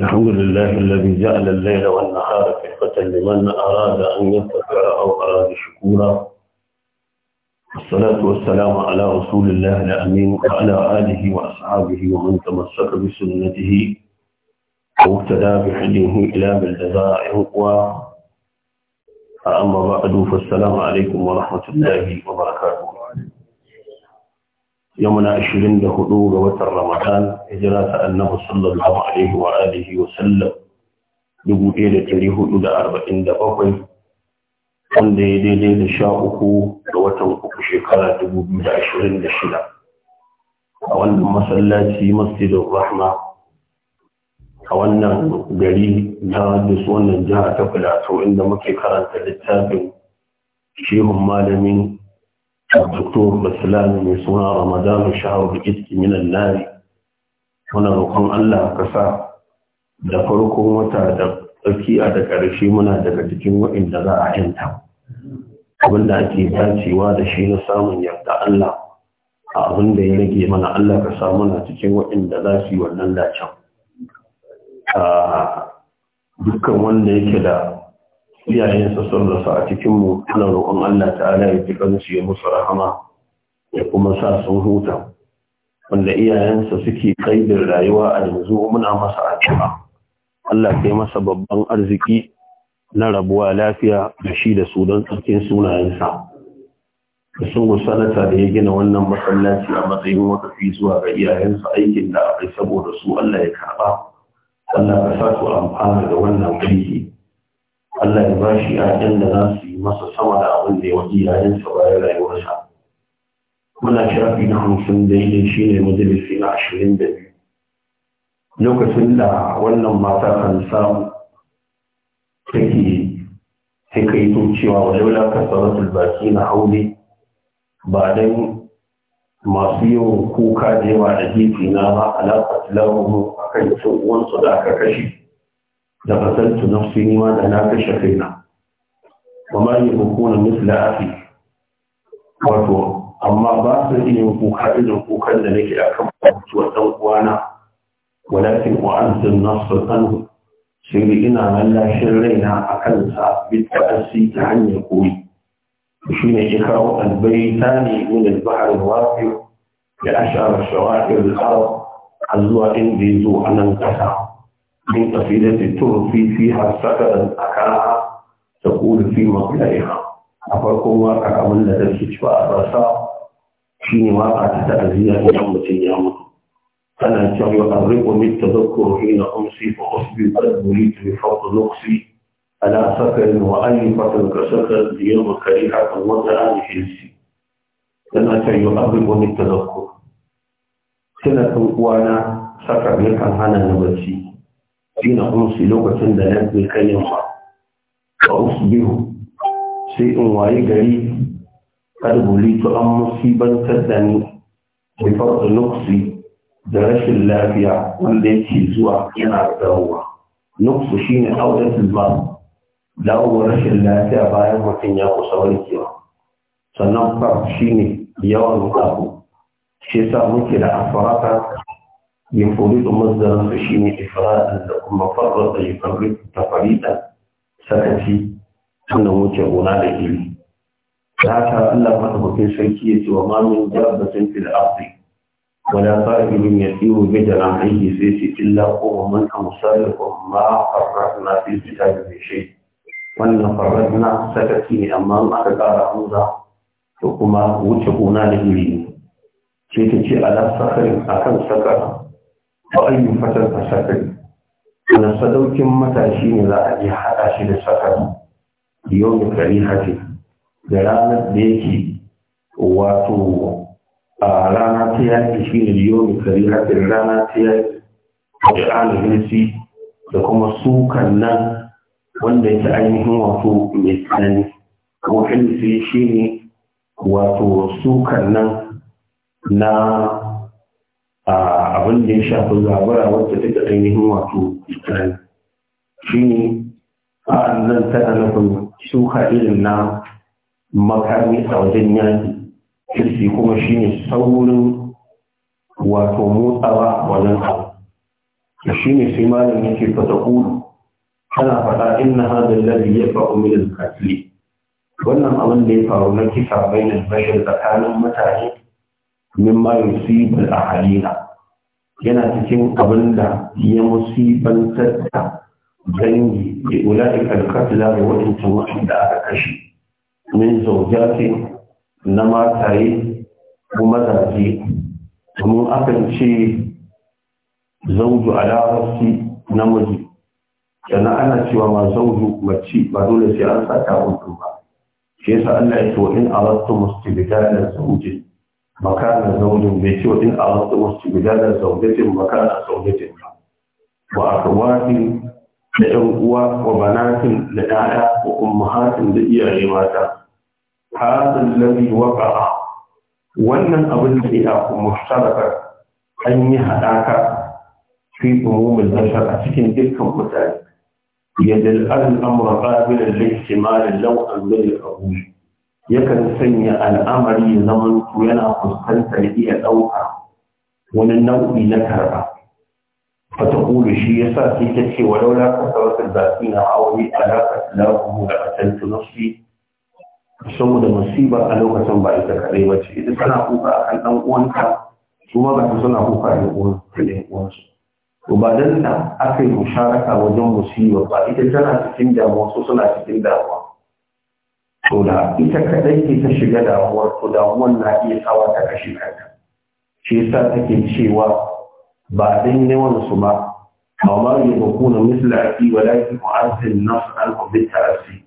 الحمد لله الذي جعل الليل والنهار كفة لمن أراد أن ينتفع أو أراد شكورا والصلاة والسلام على رسول الله الأمين وعلى آله وأصحابه ومن تمسك بسنته واقتدى بحديه إلى بالجزاء و أما بعد فالسلام عليكم ورحمة الله وبركاته يومنا أشرين لهدوغ وتر رمضان هجرة أنه صلى الله عليه وآله وسلم dubu ɗaya da ɗari hudu da arba'in da bakwai wanda ya daidai da sha uku da watan uku shekara dubu biyu da ashirin da shida a wannan masallaci masjidin rahma a wannan gari na dus wannan jiha ta filato inda muke karanta littafin shehun malamin الدكتور بسلام من سنة رمضان شهر بإذك من muna roƙon Allah ka da farkon wata da tsakiya da muna daga cikin waɗanda za a da shi na samun yarda Allah ya rage mana Allah ka sa cikin waɗanda za su wanda yake da iyayensa sun rasa a cikinmu ana roƙon Allah ta'ala ya fi kansu ya musu rahama ya kuma sa sun huta wanda iyayensa suke kaidin rayuwa a yanzu muna masa addu'a Allah kai masa babban arziki na rabuwa lafiya da shi da su don tsarkin sunayensa sun sanata da ya gina wannan masallaci a matsayin makafi zuwa ga iyayensa aikin da aka saboda su Allah ya karɓa Allah ka sa su amfana da wannan aiki Allah ya ba shi ‘ya'yan da za su yi masa sama da abin da ya waje yayin sa bayan rayuwarsa. Muna shirafi na hamsin shine shi ne majalisi na ashirin da biyu. Lokacin da wannan mata kan samu take sai ka yi cewa wa laula ka sarrafa baki na aure. ba dan masu yawan kuka da yawa da gefe na ba alaƙa tilawar a kan uwansu da aka kashe. da fasaltu nafsi ni ma da na kashe kaina Ba ma yi hukuna misla afi wato amma ba su iya kuka irin kukan da nake akan mutuwar dan uwana walakin wa an sun nasu anhu sai ina nan lashin raina a kansa bitta asi ta hanyar koyi shi ne ya kawo albaita ne min albahar wafi da ashar shawa'ir al a zuwa inda ya zo a nan kasa من قبيلة ترفي فيها سكرا أكلها تقول في مقلعها أفركم واقع من لدى الكتفاء الرساء في واقع تأذية يوم القيامة أنا كم يقربني التذكر حين أمسي فأصبي قد بليت بفوق نقصي على سكر وأيفة كسكر ليوم كريهة وضع حلسي أنا كم يقربني التذكر سنة وانا سكر يكن هنا نبسي حين أمسي لوكة دلات بكلمة فأصبح سيء ويجري قد بليت أن مصيبا تدني بفرق نقصي درش اللافية والتي زوى ينعب هو نقص شين أودة المرض da rashin lafiya bayan mutum ya kusa warkewa sannan far shi ne yawan abu shi sa muke da afarata يفرط مصدر فشين إفراد ثم فرط يفرط تفريطا سكتي أنه وجهنا لإلي فهذا الله مدهوكين سيكية وما من دابة في الأرض ولا طائر يسير بجناحيه سيسي إلا من أمثالكم ما فرطنا في الكتاب من شيء وأن فرطنا سكتي أمام أكبر أمزا وكما وجهنا لإلي ce ta ce ala sakarin akan kan sakara ba a yi fatan fasakari na sadaukin matashi ne za a iya haɗa shi da sakari yau da kari hafi da ranar da yake wato a rana ta yaki shi ne yau da kari hafi rana ta yaki da hirsi da kuma sukan nan wanda yake ainihin wato mai tsanani kuma hirsi shi ne wato sukan nan na a abin da ya shafi zabura wadda take ainihin wato tsirrai shi ne a zan tana nufin suka irin na makami a wajen yaki kirki kuma shi ne saurin wato motsawa wajen abu da shi ne sai malam yake fata kuru tana faɗa inna hadin lalli ya fa'o milin katili wannan abin da ya faru na kisa bainar bashir tsakanin mutane mimma yusibu a ahalina yana cikin abin da ya musibantar da dangi da ula'ik alkatila da waɗancan waɗanda aka kashe min zaujati na mataye ko mazaje domin akan ce zauju na namiji sannan ana cewa ma zauju mace ba dole sai an ta hutu ba shi yasa Allah ya ce wa in arattu mustibdala zaujin. makana zaujin bai ce wadin a wasu wasu gudanar zaujatin makana zaujatin ba wa akwati da ‘yan uwa wa banatin da ɗaya ko wa ummahatin da iyaye mata hadin lalli waƙa'a wannan abin da ya ku mushtarakar an yi haɗaka fi umumin bashar a cikin dukkan mutane yadda al'amura ƙabilin laifin malin lau'an zai abu yakan sanya al'amari ya zama yana fuskantar iya ɗauka wani nau'i na karɓa fata ƙulu shi ya sa sai ta ce wa laula ka sarrafa zafi na aure alaƙa lafuhu da asaltu nafsi saboda musiba a lokacin ba ita kaɗai ba ce ita tana kuka a kan ɗan uwanka su ma ba suna kuka a ɗan uwansu to ba dan da aka yi musharaka wajen musiba ba ita tana cikin damuwa su suna cikin damuwa to da ita kadai ke ta shiga damuwar to damuwar na iya sawa ta kashe kanta shi yasa take cewa ba dan yawan su ba amma ya kuna misla fi walakin mu'azzin nafs an bi ta'assi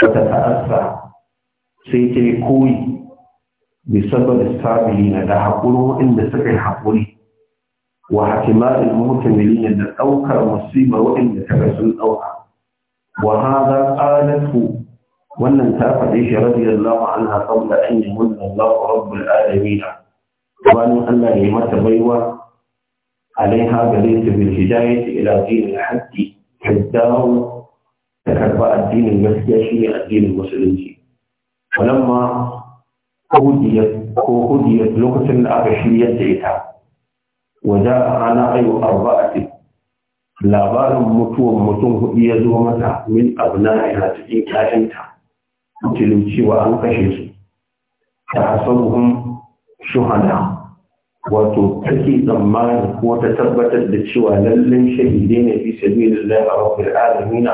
ta sai ke koyi bi sabab na da hakuri inda suka yi hakuri wa hakimal muhtamilina da daukar musibar wa'inda ta sun dauka wa hadha qalatu wannan ta faɗe shi radiyallahu anha qabla an yumanna Allah rabbul alamin wannan Allah ya mata baiwa alaiha galaytu bil hidayati ila din al haqq hiddahu ta karba addinin gaskiya shi addinin musulunci falamma hudiyat ko hudiyat lokacin da aka shiryar da ita wajen ana ayu arba'ati labarin mutuwan mutum hudu ya zo mata min abna ina cikin kayanta mutilin cewa an kashe su ta asabuhun shuhada wato take tsammani ko ta tabbatar da cewa lallan shahidai ne fi sabilillahi a rabbil alamin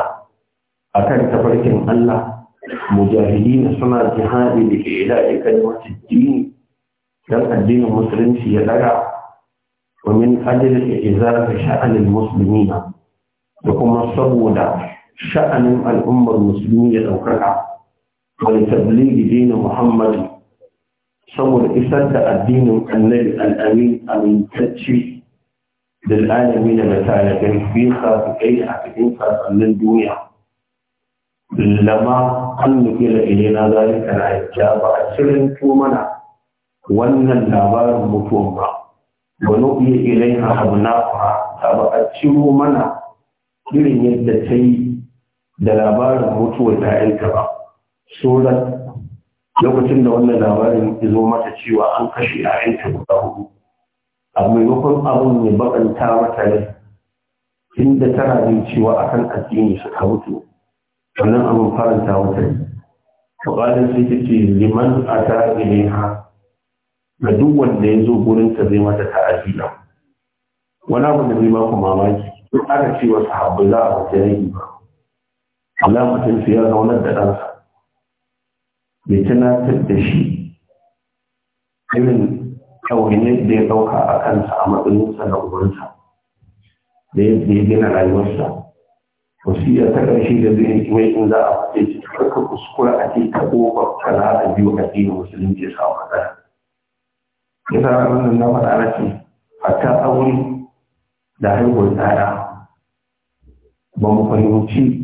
akan tafarkin Allah mujahidin suna jihadi da ke ilahi wata dini dan addinin musulunci ya daga wa min ajli izar sha'anil muslimina da kuma saboda sha'anin al'ummar musulmi ya daukaka tabligi دين Muhammadu, saboda isar da addinin annabi al'amin amintacci da al'alami da matalakai fi kai a cikin sassanin duniya lama an nufi da na zalika na yadda ba a cirin mana wannan labarin mutuwan ba wani iya ilai a na ta ba a ciro mana irin yadda ta yi da labarin mutuwar ta yanka ba surat lokacin da wannan labarin ya zo mata cewa an kashe ‘ya'yanta guda hudu a maimakon abin ya bakanta mata ne inda tana jin cewa akan addini suka mutu sannan abin faranta mata ne faƙalin sai ta liman a ta ha ga duk wanda ya zo gurin ta zai mata ajiya wani abu da zai maku mamaki duk aka ce wasu za a mutu ba Allah mutum ya zaunar da ɗansa mai tunatar da shi irin kyauhinai da ya ɗauka a kansa a matsayinsa da ubansa da ya gina rayuwarsa wasiya ta ƙarshe da zai mai in za a fata ce karka kuskura a ce ta ƙofar kaza a biyu a ɗaya musulunci ya samu matsala ya sa wannan na faɗa na ce ta aure da haihuwar tsara ba mu fahimci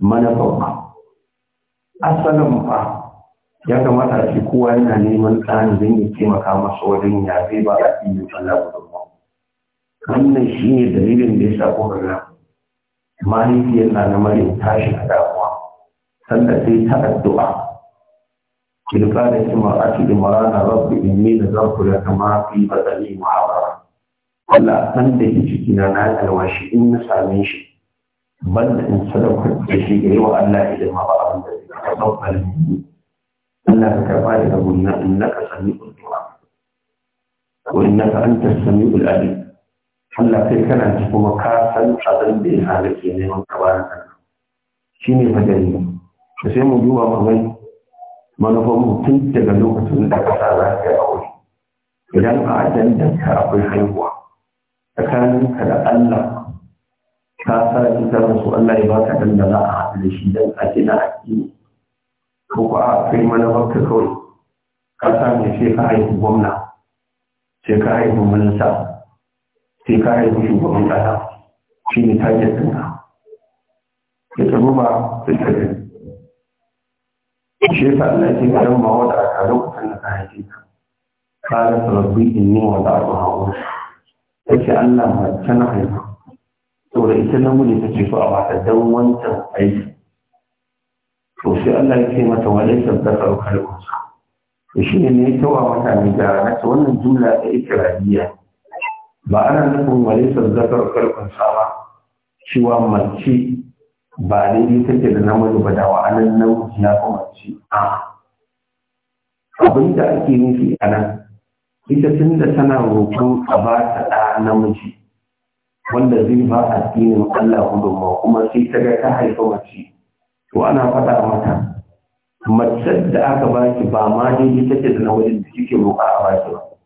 manufar ba asalin ba ya kamata a kowa yana neman tsani don ya taimaka masa wajen ya zai ba a iya tsalla gudunmu wannan shi ne dalilin da ya sa kuka na mahaifiyar na na marin tashi a damuwa sanda sai ta addu'a kirka da shi a da marana rabbi in ne da zan kula da mafi batsali muhabara Allah san da ke ciki na na alwashi in na same shi banda in sadaukar da shi ga yawa Allah idan ma ba abin da zai ka ɗaukar Allah ka karba daga in naka sami'ul du'a ko innaka antas sami alim Allah kai kana ci kuma ka san abin da ya ke neman kabarin shi ne fadari da sai mu duba mamai manufan mutum daga lokacin da kasa za ka yi aure idan a ajandan ka akwai haihuwa tsakanin ka da Allah ka sa ita rasu Allah ya baka dan da a haɗu da shi dan a gina addini ko ko a kai mana wata kawai ka sa mai sai ka haifi gwamna sai ka haifi minista sai ka haifi shugaban ƙasa shi ne target ɗinka ya tsaro ba sai ka gani shi yasa Allah ke karan ma wata a taron kusan da ka haife ka kala sarabbi in ne wata a tsohon yake Allah ma tana haifa saboda ita ta take so a bata dan wancan aiki to sai Allah ya ce mata walaysa dhakaru kal unsa to shi ne tawa ne da na wannan jumla ta ikrariya ba ana nufin walaysa dhakaru kal ba cewa mace ba daidai take da namiji ba da wa'anan namiji ya ko mace a abin da ake nufi a nan ita tun da tana roƙon a ba ta ɗa namiji wanda zai ba addinin Allah gudunmawa kuma sai ta ga ta haifa mace to ana faɗa mata matsar da aka baki ba ma daidai take da wani da kike roƙa a baki ba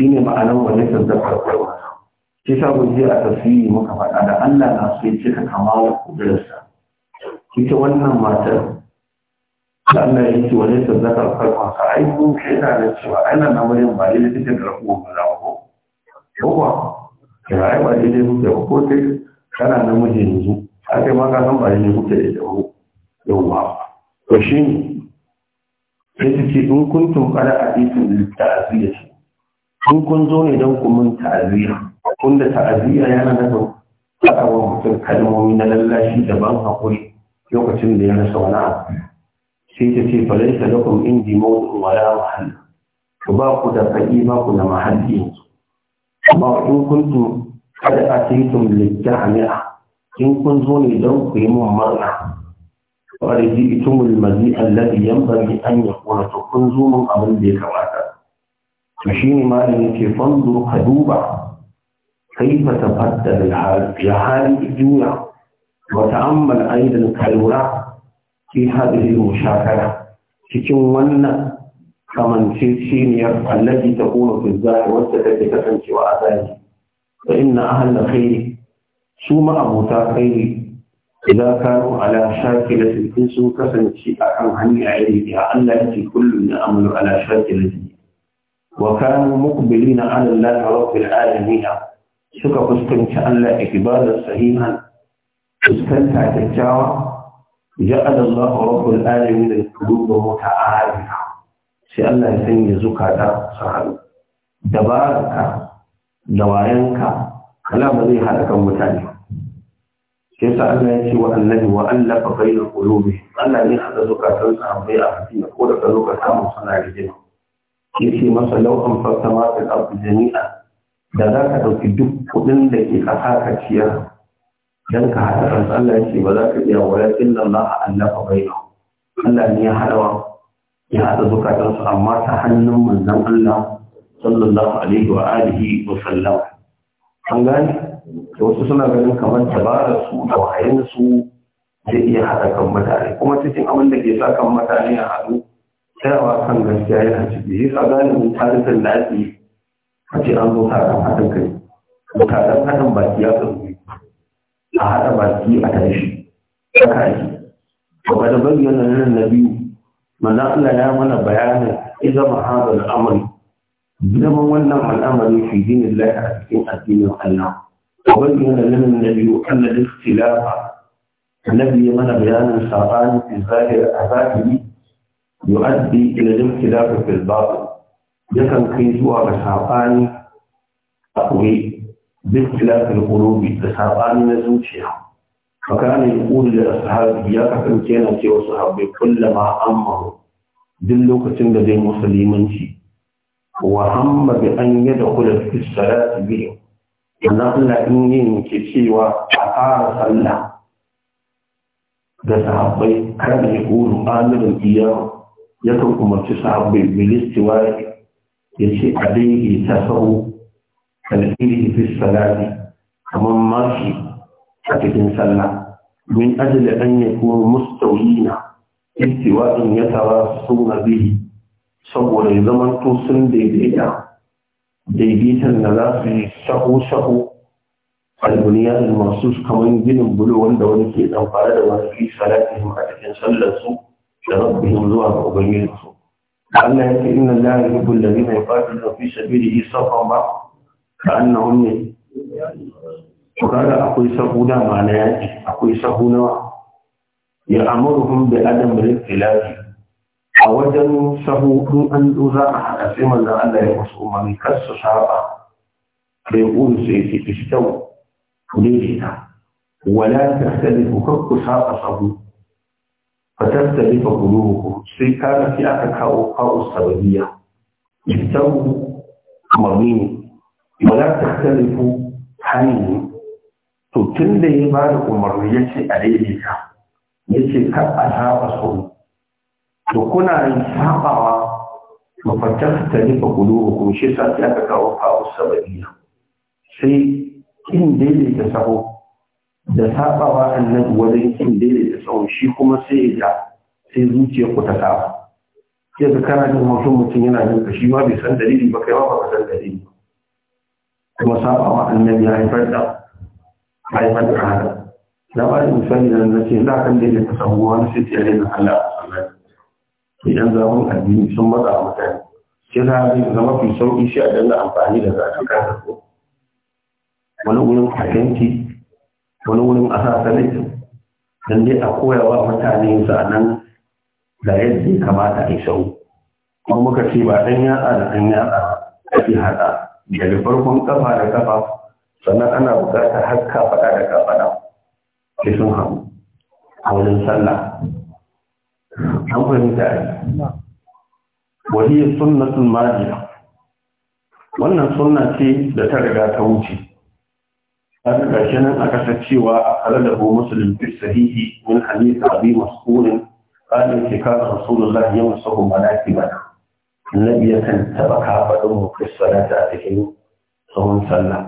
ne ma'anar wani tantar farko shi sa guje a tafsiri muka faɗa da Allah na so ya kama kamala kudurarsa ita wannan matar da Allah ya ce wani sadaka farkon sa ai kun shaida da cewa ana na wani ba dai take da rako ba za ko yawa ya ai ba dai kuke ba ko sai kana namiji yanzu kai ma ka san ba dai kuke da ita yawwa to shi sai ta ce in kun tumfara a ɗin ta'aziyya in kun zo ne don kumin ta'aziyya da ta'aziyya yana nufin faɗa wa mutum kalmomi na lallashi da ban haƙuri lokacin da ya rasa wani abu sai ta ce wala to ba ku da faɗi ba ku da mahalli yanzu amma in in kun zo ne don ku yi mun murna ورجي إتم المزيء الذي ينبغي أن يكون تكنزوم أمن بك واتا مشيني ما لنكي فانظر كدوبا كيف تبدل الحال جهالي الدنيا وتأمل أيضا كالوراء في هذه المشاكلة cikin wannan kamanceceniyar allaji ta kuma fi zahir wacce take kasancewa a zahiri fa inna ahal khairi su ma abota khairi idan kano ala shakilatin in sun kasance a kan hanya iri da Allah yake kullum na amalu ala shakilatin wa kanu muqbilina ala Allah rabbil alamin suka fuskanci Allah ikbalan sahihan fuskanta kyakkyawa ja'ala Allah rabbul alamin qulubuhum ta'aliha sai Allah ya sanya zukata su haɗu dabaraka da wayanka kalam zai haɗa kan mutane sai sa Allah ya ce wa annabi wa Allah fa bayna qulubi Allah ne hada zukatan bai a hafi ko da kazo ka samu suna rijima yace masa law an fatta ma fil ardi jami'a da za ka dauki duk kudin da ke kasa ka ciyar dan ka hada kan Allah ya ce ba za ka iya wala illa Allah Allah fa bayna Allah ne ya hada wa ya hada zukatan su amma ta hannun manzon Allah sallallahu alaihi wa alihi wa sallam an da wasu suna ganin kamar dabarar su da wayan su zai iya haɗa kan mutane kuma cikin abin da ke sakan kan mutane a haɗu tsayawa kan gaskiya yana ciki yi sa mun tarihin da a ce an zo taron haɗin kai mutanen haɗin baki ya kan a haɗa baki a tashi haka ake ba da bayyana nan na biyu mana Allah ya mana bayanin idan mahadar amari girman wannan al'amari fi dinin lafiya a cikin addinin Allah وبين لنا النبي أن الاختلاف الذي من بيان الشرعان في الظاهر الأباكي يؤدي إلى الاختلاف في الباطن يكن كيزوا بشرعان تقوي باختلاف القلوب بشرعان نزوجها فكان يقول لأصحابه يا كفن كينا وصحابي كلما أمروا دلوك تنجد المسلمين وهم بأن يدخل في الصلاة بهم Allah Allah in yin ke cewa a fara sallah da sahabbai kar da ya kuru amirin biyar ya kan umarci sahabbai bilistiwa ya ce a daidai ta sahu kalfiri fi salati kamar mashi a cikin sallah min ajali an ya kuma na istiwa in ya tara suna bihi saboda ya zama to sun daidaita daidaitan da za su yi saho-saho da masu kamar ginin bulo wanda wani ke ɗanfara da wani fi salatihim a cikin sallarsu da rabbihim zuwa ga ubangijinsu Allah ya ce inna la yuhibbu alladhina yuqatiluna fi sabilihi safan ba ka annahum ne to kaga akwai sahu da ma na yaki akwai sahu na ya amuruhum bi adam al-ilahi a wajen sahu in an zo za a haɗa sai manzan Allah ya musu umarni kar su saba bai ƙuri su ce fi kyau ku daidaita wala ta tsali ku kar ku saba sahu Ka ta tsali fa ku sai ka fi aka kawo kawo sababiyya kyau umarni ne wala ta tsali ku ne. to tun da ya ba da umarni ya ce a daidaita ya ce kar a saba sahu to kuna sabawa to fatar ta nufa kulubu kuma shi sa sai aka kawo kawo sababiyya sai kin daidaita saho da sabawa annabi wajen kin daidaita saho shi kuma sai ya sai zuciya ku ta saba sai ka kana jin hoton mutum yana jin ka shi ma bai san dalili ba kai ma ba ka san dalili kuma sabawa annabi ya haifar da haifar da na ba da misali da na ce za ka daidaita saho wani sai ta yi Allah idan zamun addini sun matsa mutane sai za a zai zama fi sauƙi shi a dinga amfani da zaɓen kansa ko wani wurin wani wurin a sa salin don dai a koyawa mutane zanen da yadda ya kamata a yi kuma muka ce ba ɗan yatsa da ɗan yatsa fi haɗa daga farkon kafa da kafa sannan ana buƙatar har kafaɗa da kafaɗa sai sun hau a wajen sallah an fahimta a yi wahiyar sunnatun majiya wannan sunna ce da ta riga ta wuce a riga shi nan aka sa cewa a kare da musulun fi sahihi min hadith abi mas'ulin qalin shekara rasulullahi yawm sahum malaki ba annabi ya kan taba ka faɗin mu fi salata a cikin sahun sallah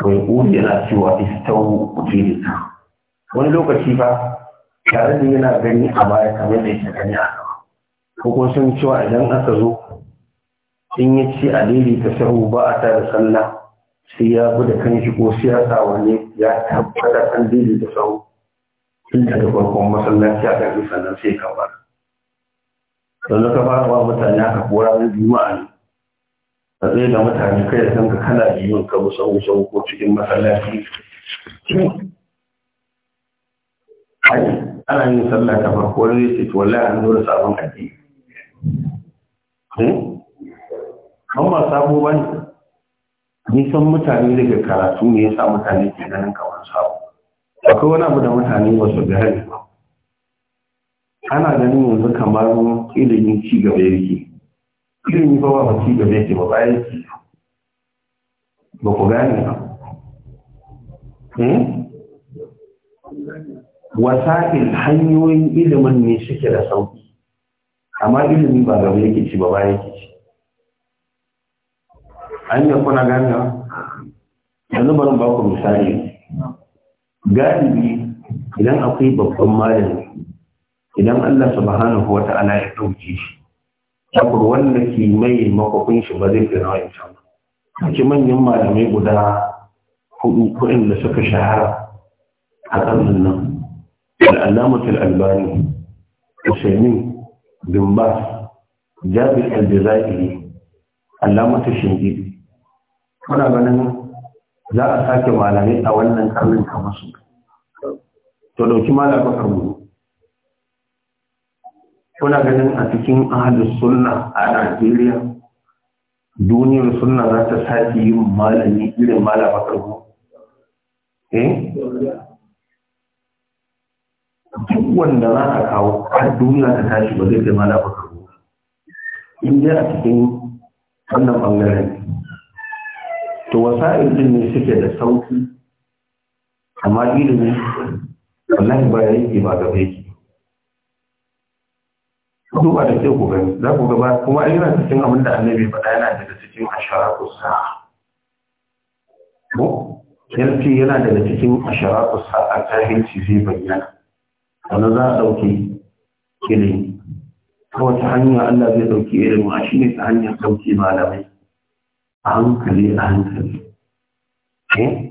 to ya yana cewa istawu kujilita wani lokaci ba tare da yana gani a baya kamar da yake gani a ko kuma sun cewa idan aka zo in ya ci a ta sahu ba a tare sallah sai ya bude da kan shi ko sai ya sa wani ya tabbata kan ta sahu tun daga farkon masallaci a kan sannan sai ka bar don fara wa mutane aka kora na juma'a ne a tsaye da mutane kai da kanka kana biyun ka musamman ko cikin masallaci haji ana yin sallah ta farko wani zai ce to wallahi an zo da sabon addini kan hmm? ba sabo ba ne nisan mutane daga karatu ne ya sa mutane ke ganin kamar sabo akwai wani abu da mutane ba su gane ba ana ganin yanzu kamar ilimin ci gaba yake ilimi ba ba ci gaba yake ba bayan ci ba ku gane ba hmm? wasa'il hanyoyin ilimin ne suke da sauki amma ilimi ba gaba yake ci ba baya yake ci an yi kuna gana yanzu bari ba ku misali galibi idan akwai babban malami idan Allah subhanahu wa ta'ala ya dauke shi takur wanda ke mai makwakwun shi ba zai fi na A ci manyan malamai guda hudu kuɗin da suka shahara a ƙarnin nan العلامة الألباني Bin بن باز جابر الجزائري علامة الشنقيطي muna ganin za a sake malami a wannan karnin kamar su to dauki malamai kamar kuna ganin a cikin ahalus sunna a Najeriya duniyar sunna za ta sake yin malami irin malama karbo eh duk wanda za ka kawo a duniya ta tashi ba zai kai mala ba in dai a cikin wannan bangaren to wasa'il din ne suke da sauki amma ilimi wallahi ba yake ba gaba yake duba da ke ku gani za ku gaba kuma yana cikin abin da annabi faɗa yana daga cikin ko sa'a ko yana daga cikin asharatu sa'a jahilci zai bayyana wani za a ɗauke ilimi ta wata hanya Allah zai ɗauki irin wa shi ne ta hanyar ɗauke malamai a hankali a hankali eh?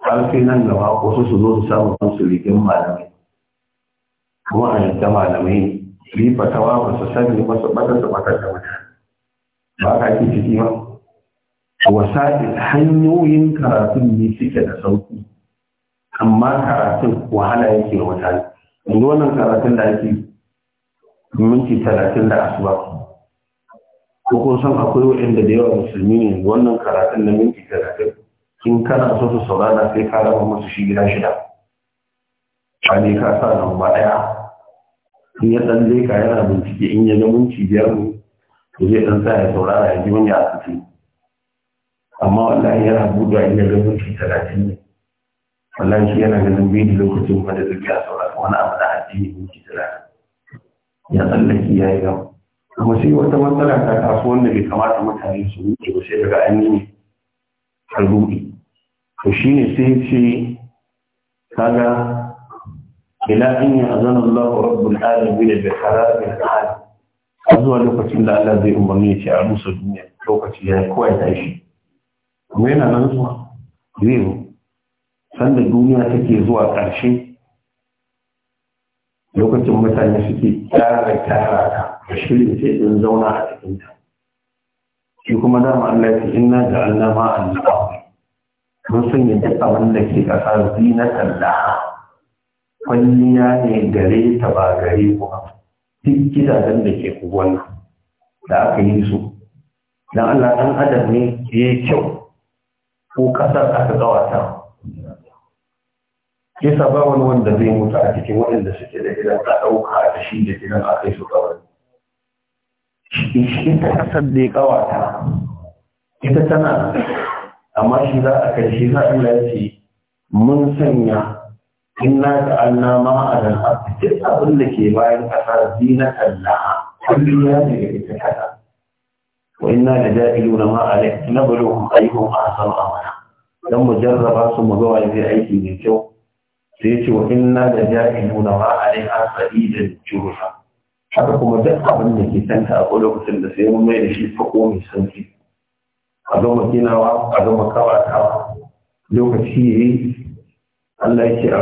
har sai nan gaba wasu su zo su samu kansu rigin malamai kuma a yadda malamai ne su yi fatawa ba su sani ba su ɓata su ɓata da mutane ba ka ke ciki ba wasa'il hanyoyin karatun ne suke da sauƙi amma karatun wahala yake wa mutane yanzu wannan karatun da ake minti talatin da asuba ko kun san akwai waɗanda da yawa musulmi ne wannan karatun na minti talatin in kana so su saurara sai ka raba musu shi gida shida a ne ka sa nan ba ɗaya in ya ɗan zai ka yana bincike in ya ga minti biyar ne to zai ɗan sa ya saurara ya ji wani asibiti amma wallahi yana buɗe in ya ga minti talatin ne wallahi shi yana ganin bai da lokacin wanda zai zuciya saurara wani abu da addini ne ke jira ya tsallaki ya yi gaba kuma sai wata matsala ta taso wanda bai kamata mutane su wuce ba sai daga an yi an to shi ne sai ce kaga ila in ya azana Allah rabbul alamin da bi kharabin al a zuwa lokacin da Allah zai umarni ya ce a rusa duniya lokaci ya yi kawai tashi kuma yana nan zuwa zai sanda duniya take zuwa ƙarshe lokacin mutane suke kyara kyara ta da shirin sai ɗin zauna a cikinta shi kuma dama Allah ya inna ja'alna ma al mun sanya duk abin da ke ƙasa Zina laha kwalliya ne gare ta ba gare ku duk gidajen da ke kuwan da aka yi su dan Allah dan adam ne ya yi kyau ko ƙasar aka gawata kisa ba wani wanda zai mutu a cikin waɗanda suke da gidan ka ɗauka da shi da gidan a kai su kawai shi ta kasar da ya kawata ita tana amma shi za a kai shi za a ce mun sanya inna ta anna ma a nan abin da ke bayan ƙasa zina Allah kullum ya daga ita kasa wa inna da ja'ilu na ma a na bari hun ayyukan a san amana don mu jarraba su mu ga wani aiki mai kyau sai ce wa inna da jahiluna wa alaiha sadidan jurha haka kuma duk abin da ke santa a lokacin da sai mun mai da shi fako mai sauki a zama kinawa a zama kawatawa lokaci yayi Allah ya ce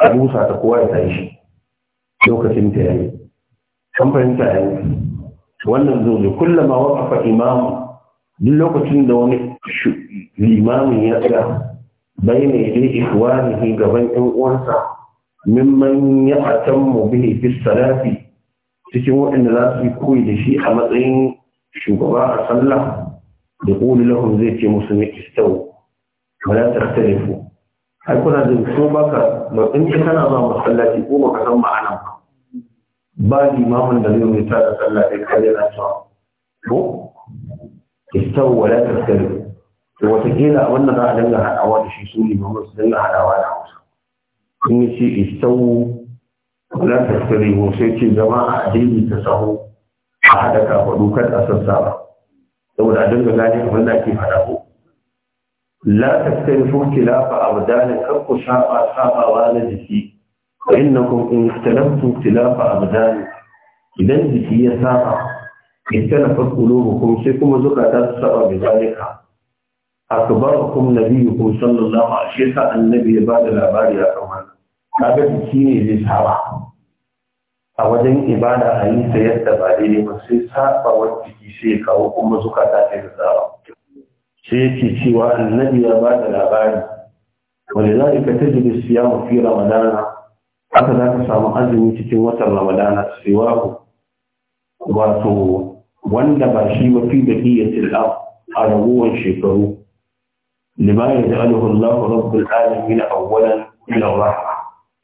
a rusa ta kowa ya tashi lokacin ta yayi kan fahimta yayi wannan zo ne kullama waqafa imamu duk lokacin da wani limamin ya tsaya bayna yadai ikhwanihi gaban ɗan uwansa mimman ya mu bihi fi salati cikin waɗanda za su yi koyi da shi a matsayin shugaba a sallah da qulu lahum zai ce musu ne istau wala tahtalifu ai kuna baka ba in ka kana ba masallaci ko baka san ma'anan ba ba limamin da zai rubuta da sallah da kare na sa istau wala tahtalifu to watakila wannan za a dinga haɗawa da shi su ba su dinga haɗawa da hausa sun yi ce istawu la tasrihu sai ce jama'a addini ta saho a haɗa kafaɗu kan asar sa'a. saboda a dinga gane abin da ake faɗa ko la tasrihu tilafa abdanin kar ku saba sabawa na jiki fa innakum in ikhtalaftum tilafa abdanin idan jiki ya saba farko lokacin, sai kuma zuka su saba bi zalika akbarukum nabiyukum sallallahu alaihi wasallam annabi ya bada labari a kan wannan kaga jiki ne zai saba a wajen ibada a yi ta yadda ba daidai ba sai saba wani jiki sai kawo kuma zukata ta yi saba sai yake cewa annabi ya bada labari wani za ka tajibi siyamu fi ramadana haka za ka samu azumi cikin watan ramadana siwahu wato wanda ba shi mafi da iya tilab a ragowar shekaru lima ya ja'aluhu Allah rabbul alamin awwalan ila rahma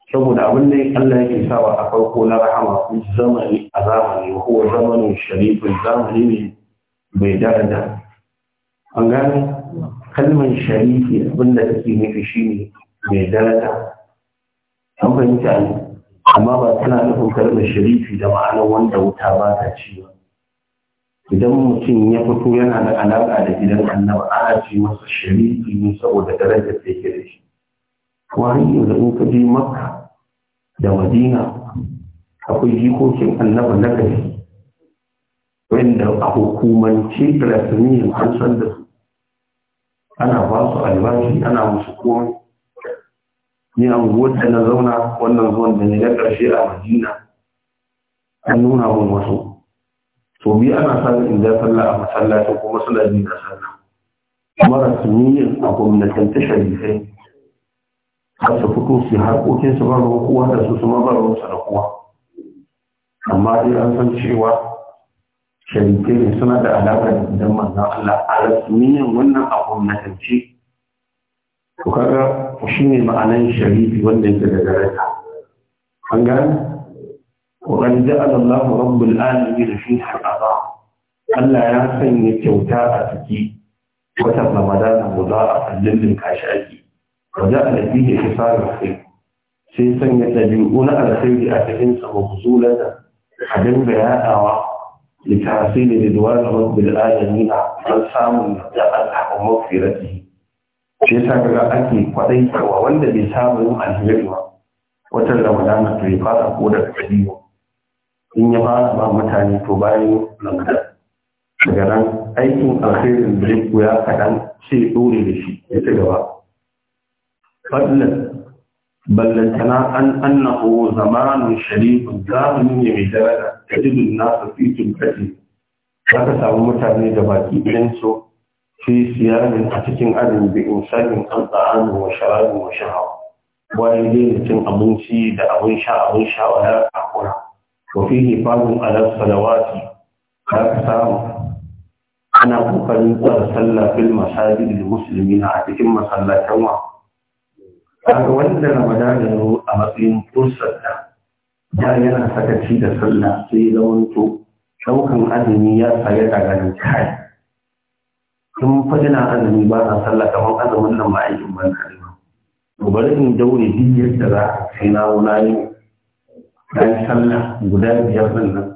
saboda abin da Allah yake sawa a farko na rahama zamani a zamani ko zamanin sharifin zamani ne bai daraja an gane kalmar sharifi abin da take nufi shine mai daraja an fahimta ne amma ba tana nufin kalmar sharifi da ma'anar wanda wuta ba ta ciwa. idan mutum ya fito yana da alaƙa da gidan annaba ana ce masa shari'i ne saboda darajar da yake da shi kuma har yanzu in ka je makka da madina akwai jikokin annaba na gari wanda a hukumance rasmiyin an san da su ana ba su albashi ana musu komai ni an da na zauna wannan zuwan da ne na karshe a madina an nuna mun wasu to bi ana samun inda sallah a masallacin kuma suna bi na sallah marasu niyyar a gwamnatanta sharifai har su fito su harkokin su ba ruwan kowa da su suma ba ruwan da kowa amma dai an san cewa sharifai ne suna da alaƙa da gidan manzan Allah a rasmiyyar wannan a gwamnatance to kaga shi ne ma'anan sharifi wanda yake da gareta an gane وقد جعل الله رب العالمين في حق Allah ya sanya kyauta a ciki watan Ramadana mu za a sallin kashi ake waje a lafi da shi sarar sai sai sanya ɗabi'u na alkhairi a cikin sa mabzulan a dinga yaɗawa لتحصيل رضوان a العالمين don samun da Allah a mafirati shi yasa kaga ake kwadaitarwa wanda bai samu yin alheri ba Watan ramadan to ya fara ko da kadi in ya fara ba mutane to bayan ramadan daga aikin alkhairin da ya kaɗan sai ɗore da shi ya ci gaba fadlan ballantana an annahu zamanin sharifin zamani ne mai daraja ta jibin nasa fitin kaji za ka samu mutane da baki ɗin su fi siyarin a cikin adin bi insanin an tsa'anin wa sha'anin wa sha'awa wani ne cin abinci da abin sha abin sha'awa ya kakura wa fi hifazin ala salawati ka samu ana kokarin tsara sallah fil masajid muslimina a cikin masallatan wa kaga wanda Ramadan ya zo a matsayin fursar da ya yana sakaci da sallah sai zamanto daukan azumi ya sa ya daga kai tun fadina azumi ba na sallah kamar azumin nan ma aikin ban kare to bari in daure duk yadda za a kai na wuna yi dan sallah guda biyar din nan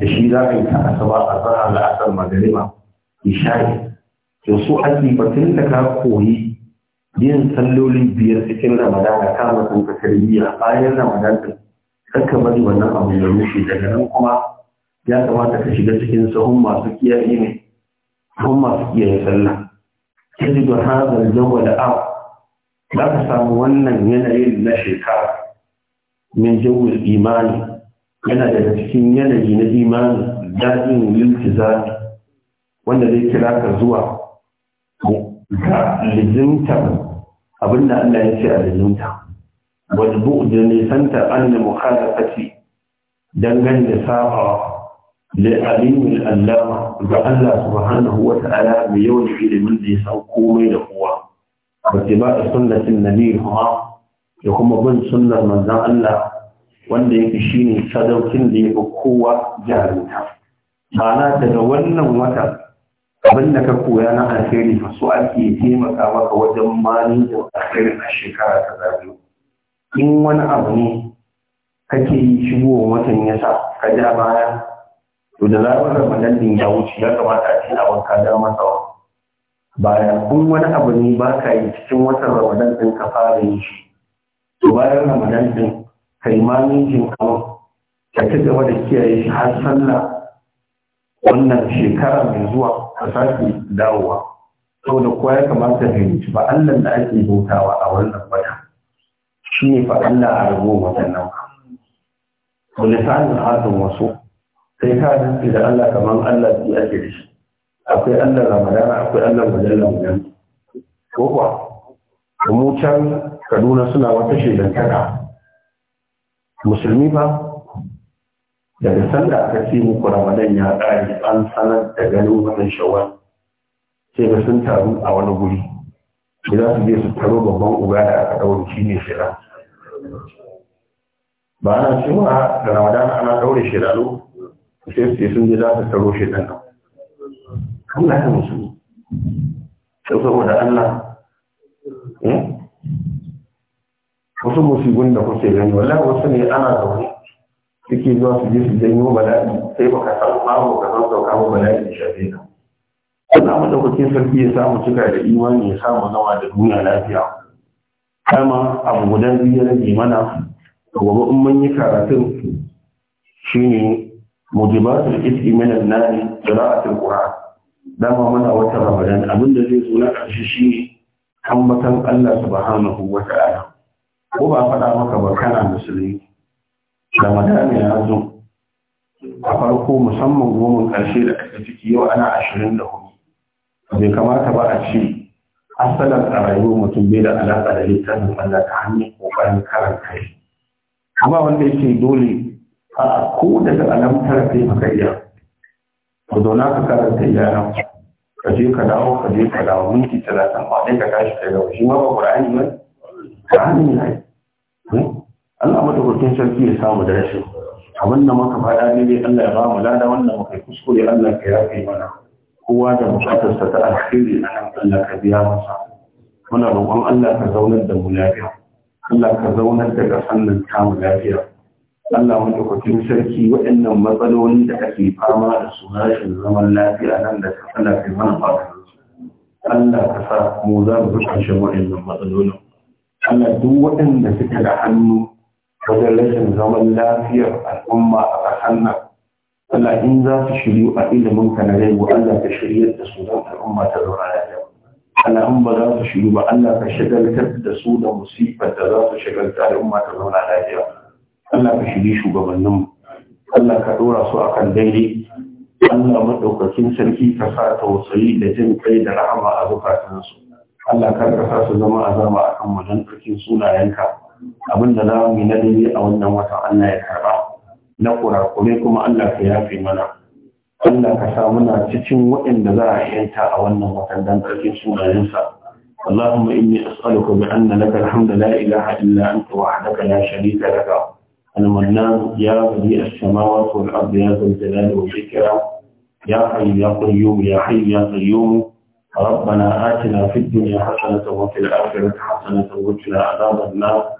da shi za a yi ta asaba a da la'asar magariba isha'i to so ba batun da ka koyi yin salloli biyar cikin ramadana kama sun ka tarbiyya bayan ramadan da kan ka bari wannan abu ya rushe daga nan kuma ya kamata ka shiga cikin sahun masu kiyaye ne sahun masu kiyaye sallah sai da hazal da am za ka samu wannan yanayin na shekara min jawwal imani yana daga cikin yanayi na imani dadin iltizami wanda zai kira ka zuwa ka abin abinda Allah ya ce a lizimta wajbu da nisanta an da mukhalafati dangane da saba da alimin allama ga Allah subhanahu wa ta'ala mai yawan ilimin da ya san komai da kowa ba ce ba da sunnatin kuma da kuma bin sunnar manzan Allah wanda yake shine sadaukin da fi kowa jarinta ma'ana daga wannan wata abin da ka koya na alheri fa so ake taimaka maka wajen mani da alheri a shekara ta zabi in wani abu ne kake yi shigo watan ya sa ka ja baya to da zarar ramadan din ya wuce ya kamata a ce abin ka ja masa baya in wani abu ne ba ka yi cikin watan ramadan din ka fara yi shi to bayan ramadan din ka yi manijin abin ka ci gaba da kiyaye shi har sallah wannan shekara mai zuwa a sake dawowa da kowa ya kamata ya fahimci ba Allah da ake bautawa a wannan wata shi ne fa Allah a rago waɗannan ba to lisanin hasin wasu sai ka rantsi da Allah kamar Allah shi ake da shi akwai Allah Ramadana akwai Allah Mujalla Mujalla ko kuwa mu can Kaduna suna wata shedantaka musulmi ba daga sanda aka ce muku ramadan ya ƙare an sanar da ganin wannan shawar sai ga sun taru a wani guri da za su je su taro babban uba da aka ɗaure shi ne shira ba ana cewa da ramadan ana ɗaure shirano sai su sun je za su taro shi ɗan nan Allah ya musu sau saboda Allah eh? wasu musibin da kuke gani wallahi wasu ne ana zaune suke zuwa su je su janyo bala'i sai baka san babu ka san sauka mu bala'i da shafe ka Allah madaukakin sarki ya samu cika da imani ya samu nawa da duniya lafiya kama abu gudan biyu ya rage mana gobe in mun yi karatun shine mujibatul ismi min an-nar qira'atul qur'an dama muna wata ramadan abin da zai zo na karshe shine ambatan Allah subhanahu wa ta'ala ko ba faɗa maka ba kana musulmi Da madami ya zo a farko musamman goman ƙarshe da aka ciki yau ana ashirin da hudu bai kamata ba a ce asalin a rayuwar mutum bai da alaƙa da littafin Allah ta hanyar ƙoƙarin karanta kai. amma wanda yake dole a ko daga alamtar sai maka iya ku zauna ka karanta iyalan ka je ka dawo ka je ka dawo minti talatin a ɗaya ka tashi ka dawo shi ma ba ƙur'ani ba ƙur'ani ne hmm? Allah madaukakin sarki ya samu da rashin abin da muka faɗa ne dai Allah ya ba mu lada wannan muka kuskure Allah ka yafe mana kowa da bukatarsa ta alheri a nan Allah ka biya masa muna roƙon Allah ka zaunar da mu lafiya Allah ka zaunar da ƙasar nan mu lafiya Allah madaukakin sarki waɗannan matsaloli da ake fama da su rashin zaman lafiya nan da ta fada kai mana maganin Allah ka sa mu za mu rushe waɗannan matsalolin Allah duk waɗanda suke da hannu wajen rashin zaman lafiyar al'umma a ƙasar nan Allah in za su shiryu a ilimin ka na gaibu Allah ka shiryar da su don al'umma ta zauna lafiya Allah in ba za su shiryu ba Allah ka shagaltar da su da musibar da za su shagalta al'umma ta zauna lafiya Allah ka shiryu shugabannin Allah ka ɗora su akan daidai Allah maɗaukakin sarki ka sa tausayi da jin kai da rahama a zukatansu Allah kar ka sa su zama azama akan wajen sarkin sunayenka abinda za mu yi na dare a wannan watan Allah ya karba na kurakure kuma Allah ka yafe mana Allah ka sa muna cikin waɗanda za a yanta a wannan watan dan karfi sunayen sa Allahumma inni as'aluka bi anna laka alhamdu la ilaha illa anta wahdaka la sharika laka al-mannan ya rabbi as-samawati wal ardi ya zal jalali wal ikram ya hayyu ya qayyum ya hayyu ya qayyum ربنا آتنا في الدنيا حسنة وفي الآخرة حسنة وقنا عذاب النار